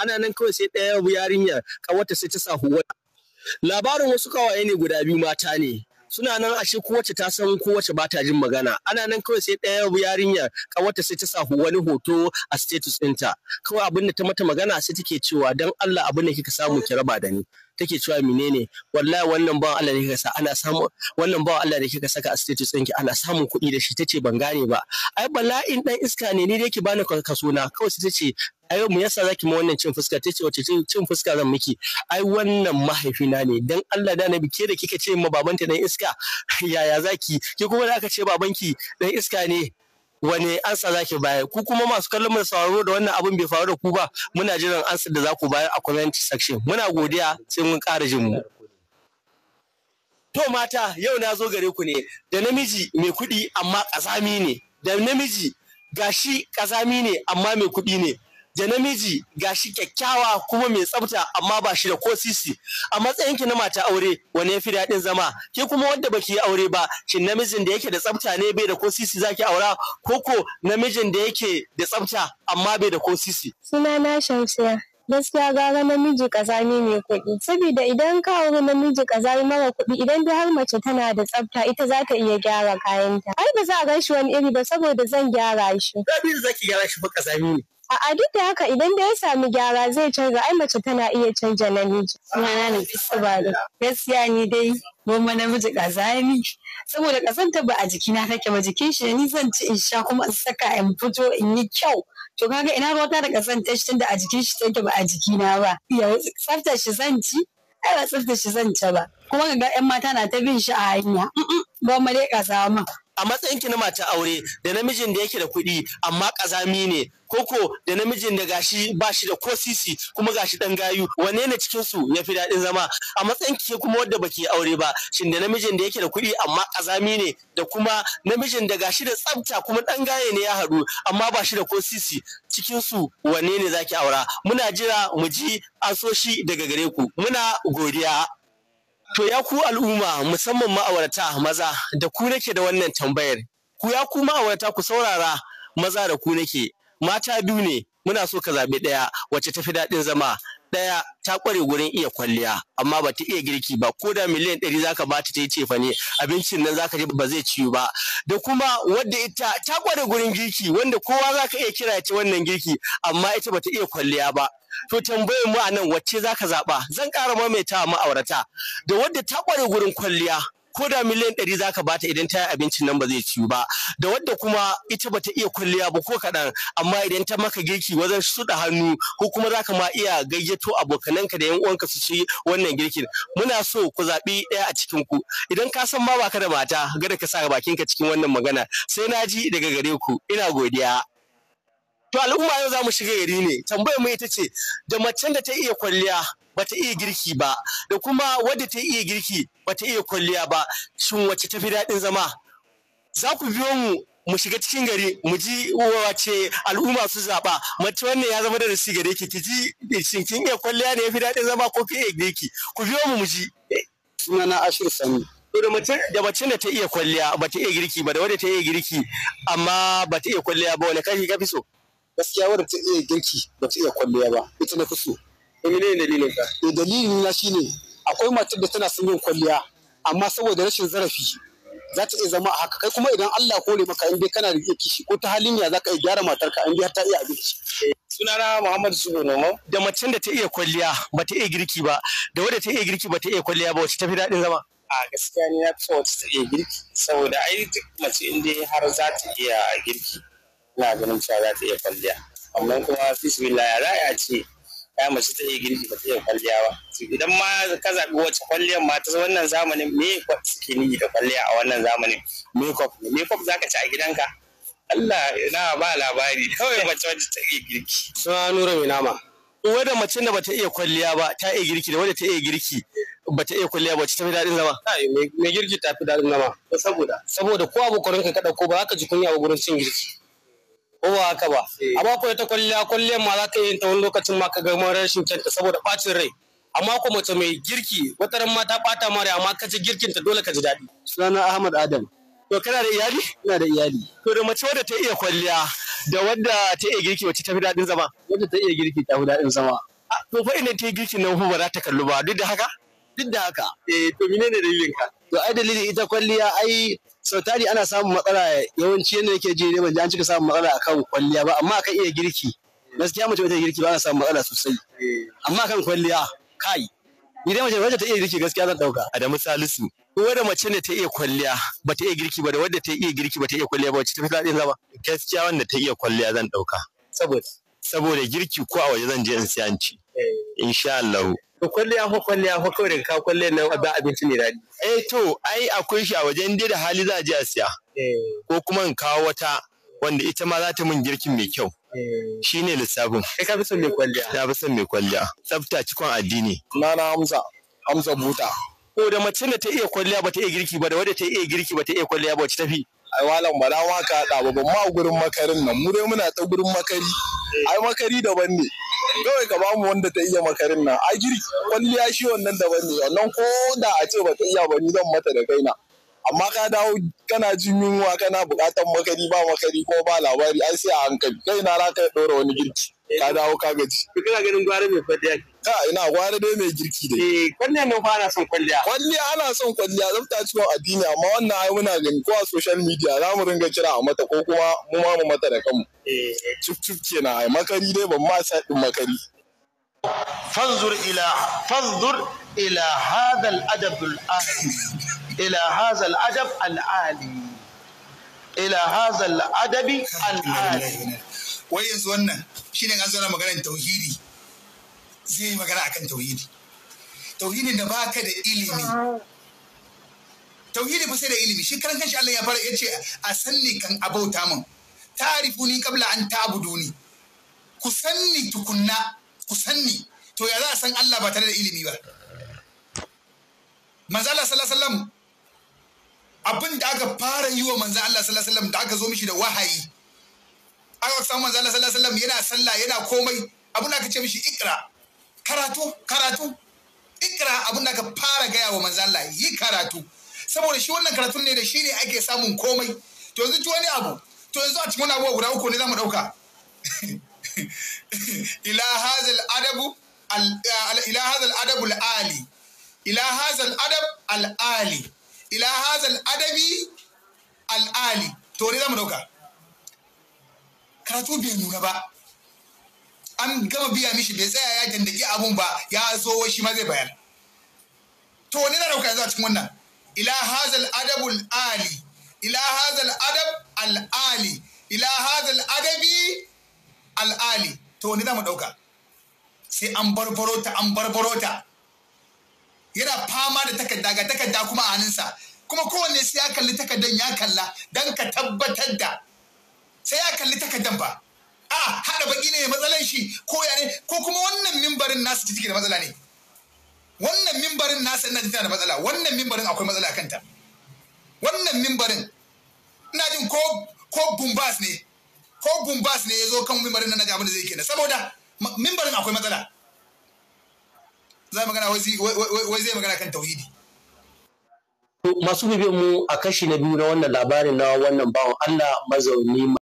ana nan kawai sai ɗaya yarinya wata sai ta sa huwa labarin wasu kawaye ne guda biyu mata ne suna nan ashe kowace ta san kowace ba ta jin magana ana nan kawai sai ɗaya yarinya wata sai ta sa wani hoto a status ɗinta kawai abin da ta mata magana sai take cewa don Allah abin da kika samu ki raba da ni take cewa menene wallahi wannan bawan Allah da kika ana samu wannan bawan Allah da kika saka a status ɗinki ana samun kuɗi da shi tace ban gane ba ai bala'in dan iska ne ni da yake bani kaso na kawai sai tace ai mu yasa zaki ma wannan cin fuska tace wace cin fuska zan miki ai wannan mahaifina ne dan Allah da nabi ke da kika ce ma babanta dan iska yaya zaki ki kuma da aka ce babanki dan iska ne wane ansa zaki bayar ku kuma masu kallon mu sauraro da wannan abin bai faru da ku ba muna jiran ansa da za ku bayar a comment section muna godiya sai mun ƙara jin mu to mata yau na zo gare ku ne da namiji mai kuɗi amma ƙazami ne da namiji gashi ƙazami ne amma mai kuɗi ne da namiji gashi kyakkyawa kuma mai tsafta amma ba shi da ko sisi a matsayin ki na mata aure wani ya fi daɗin zama ki kuma wanda baki yi aure ba shin namijin da yake da tsafta ne bai da ko sisi zaki aura ko namijin da yake da tsafta amma bai da ko sisi na Shamsiya gaskiya gara namiji kazami mai kuɗi saboda idan ka auri namiji kazami mara kuɗi idan dai har mace tana da tsafta ita za ta iya gyara kayanta ai ba za a gan shi wani iri ba saboda zan gyara shi zaki gyara shi ba kazami ne A'a duk da haka idan da ya sami gyara zai canza ai mace tana iya canza namiji. Sunana na fisa ba da gaskiya ni dai goma namiji kazani saboda kasanta ba a jikina take ba jikin shi ni zan ci in sha kuma in saka in fito in yi kyau. To kaga ina ta da kasanta shi tunda a jikin shi take ba a jikina ba. Ya tsafta shi zan ci ai ba tsafta shi zan ci ba. Kuma ga 'yan mata na ta bin shi a hanya. Goma dai ka ma. a matsayinki na mace aure da namijin da yake da kuɗi amma ƙazami ne koko da namijin da gashi ba shi da ko sisi kuma gashi dan gayu wanne ne cikin su fi daɗin zama a matsayin ki kuma wanda baki aure ba shin da namijin da yake da kuɗi amma ƙazami ne da kuma namijin da gashi da tsafta kuma dan gaye ne ya haɗu amma ba shi da ko sisi cikin su wanne ne zaki aura muna jira mu ji asoshi daga gare ku muna godiya To ya ku al'umma musamman ma'aurata maza da ku nake da wannan tambayar. Ku ya ku ma'aurata ku saurara maza da ku nake. Mata biyu ne muna so ka zaɓi ɗaya wacce tafi daɗin zama. ɗaya ta ƙware gurin iya kwalliya amma ba ta iya girki ba ko da miliyan ɗari zaka ba ta yi cefa ne abincin nan zaka ji ba zai ciyu ba da kuma wadda ita ta ƙware gurin girki wanda kowa zaka iya kira ta wannan girki amma ita ba ta iya kwalliya ba to tambayar mu a nan wacce zaka zaɓa zan ƙara maimaita ma'aurata da wadda ta ƙware gurin kwalliya ko da miliyan ɗari za ka bata idan ta yi abincin nan ba zai ciyu ba da wadda kuma ita bata iya kwalliya ba ko kaɗan amma idan ta maka girki wajen suɗa hannu ko kuma za ka ma iya gayyato abokananka da yan uwanka su ci wannan girkin muna so ku zaɓi ɗaya a cikin ku idan ka san ma baka da mata gada ka sa ka cikin wannan magana sai na ji daga gare ku ina godiya. To al'umma yau za mu shiga gari ne tambayar mu ita ce da macen da ta iya kwalliya bata iya girki ba da kuma wadda ta iya girki bata iya kwalliya ba shin wacce ta fi daɗin zama za ku biyo mu mu shiga cikin gari mu ji wace al'umma su zaɓa mace wannan ya zama da rasi gare ki ki ji shin kin iya kwalliya ne ya fi daɗin zama ko kin iya girki ku biyo mu mu ji sunana Ashir Sani da mace da ta iya kwalliya ba ta iya girki ba da wadda ta iya girki amma ba ta iya kwalliya ba wani kashi ka fi so gaskiya wadda ta iya girki ba ta iya kwalliya ba ita na fi so to eh, menene dalilin ka to eh, dalilin na shine akwai matar da tana son yin kwalliya amma saboda rashin zarafi za ta iya zama a haka kai kuma idan Allah kore maka in dai kana da iya kishi ko ta halin ya za ka iya gyara matarka in dai har ta iya abinci. Eh, sunana Muhammad Subo Noman. Da macen da ta iya kwalliya ba ta iya girki ba da wadda ta iya girki ba ta iya kwalliya ba wacce ta fi daɗin zama. A gaskiya ne ya fi wacce ta iya girki saboda ai duk mace in dai har za ta iya girki ina ganin cewa za ta iya kwalliya. Amma kuma bismillah ya a ce ya mace ta iya girki ba ta iya kwalliya ba idan ma ka zaɓi wacce kwalliyar ma ta wannan zamanin me suke niyi da kwalliya a wannan zamanin makeup ne makeup zaka ci a gidanka Allah ina ba labari kawai mace wacce ta iya girki suna nura mai nama da mace da bata iya kwalliya ba ta iya girki da wadda ta iya girki bata iya kwalliya ba ta fi daɗin zama mai girki ta fi daɗin zama saboda saboda ko abokan ka ka ɗauko ba za ka ji kunya ba gurin cin girki ko ba haka ba eh. amma ko ta kwalliya kwalliyar ma za ka yi ta wani lokacin ma ka ga rashin kyanta saboda bacin rai amma ko mace mai girki wata ran ma ta bata mare amma ka ji girkin ta dole ka ji daɗi sunana Ahmad Adam to kana da iyali ina da iyali to da mace wadda ta iya kwalliya da wadda ta iya girki wacce ta fi daɗin zama wadda ta iya girki ta fi daɗin zama ah, to fa ina ta yi girkin nan ba za ta kallu ba duk da haka duk da haka eh to menene dalilin ka to ai dalili ita kwalliya ai sau tari ana samun matsala yawanci yadda yake ji ne ban an cika samun matsala akan kwalliya ba amma akan iya girki gaskiya mace wata girki ba ana samun matsala sosai amma akan kwalliya kai ni dai mace ta iya girki gaskiya zan dauka Adamu Salisu wadda mace ne ta iya kwalliya ba ta iya girki ba da wadda ta iya girki ba ta iya kwalliya ba wacce ta fi daɗin zama gaskiya wanda ta iya kwalliya zan dauka saboda saboda girki ko a waje zan je in siya ci Eh. insha Allah to kwalliya ko kwalliya ko kawai daga kwalle kwalliyar nan ba abinci ne dadi. eh to ai akwai shi a wajen inda da hali za a je a siya eh. ko kuma in kawo wata wanda ita ma za ta min girkin mai kyau eh. shi ne lissafin kai ka fi son mai kwalliya ta fi son mai kwalliya tsafta cikon addini na na hamza hamza buta ko da mace da ta iya kwalliya ba ta iya girki ba da wadda ta iya girki ba ta iya kwalliya ba wacce tafi ai malam ba na waka da ba ma gurin makarin nan mu dai muna ta gurin makari ai makari daban ne kawai ka bamu wanda ta iya makarin nan a giri, kwalliya shi wannan daban ne wannan ko da a ce ba ta iya ba ni zan mata da kaina amma ka dawo kana jin yunwa kana buƙatar makari ba makari ko ba labari ai sai a hankali kai na raka ya ɗora wani girki ka dawo ka gaji. Kana ganin gwara mai fadiya ka ina gwara dai mai girki dai. Eh kwalliya nan fa ana son kwalliya. Kwalliya ana son kwalliya zafta cikin addini amma wannan ai muna gani ko a social media za mu ringa kira a mata ko kuma mu ma mu mata da kanmu. Eh cif cif kenan ai makari dai ban ma sa din makari. فانظر إلى فانظر إلى هذا الأدب الآخر ila hazal adab al'ali ila hazal adabi al'ali wai yanzu wannan shine an zana magana tauhidi zai magana akan tauhidi Tauhidi da baka da ilimi tauhidi ba sai da ilimi shi karanta shi Allah ya fara yace a sanni kan abauta min ta'rifuni qabla an ta'buduni ku sanni tukunna ku sanni to ya za a san Allah ba tare da ilimi ba manzo Allah sallallahu alaihi wasallam abin da aka fara yi wa manzan Allah sallallahu alaihi wasallam da aka zo mishi da wahayi aka samu manzan Allah sallallahu alaihi wasallam yana sallah yana komai abin da aka ce mishi ikra karatu karatu ikra abin da aka fara gaya wa manzan Allah yi karatu saboda shi wannan karatun ne da shi ne ake samun komai to yanzu ci wani abu to yanzu a cikin wani abuwa guda uku ne zamu dauka ila hazal adabu ila hazal adabu al eh, ali ila hazal adab al ali ila hazal adabi al'ali to ne zamu dauka karatu bai nuna ba an gama biya mishi bai tsaya ya dandaki abun ba ya zo shi ma zai bayan to ne na dauka yanzu a cikin wannan ila hazal adabul ali ila hazal adab al'ali. ila hazal adabi al'ali. to ne zamu dauka sai an barbarota ta an barbarota ta yana fama da takarda ga takarda kuma a hannunsa kuma kowanne sai ya kalli takardan ya kalla don ka tabbatar da sai ya kalli takardan ba a haɗa baki ne matsalan shi ko ya ne ko kuma wannan mimbarin nasu ta da matsala ne wannan mimbarin nasu ina da matsala wannan mimbarin akwai matsala kanta wannan mimbarin ina jin ko ko bumbas ne ko bumbas ne ya zo kan mimbarin nan na ga abin da zai kenan saboda mimbarin akwai matsala za magana wai zai magana kan tauhidi masu bibin mu a kashi na biyu na wannan labarin na wannan bawan Allah mazauni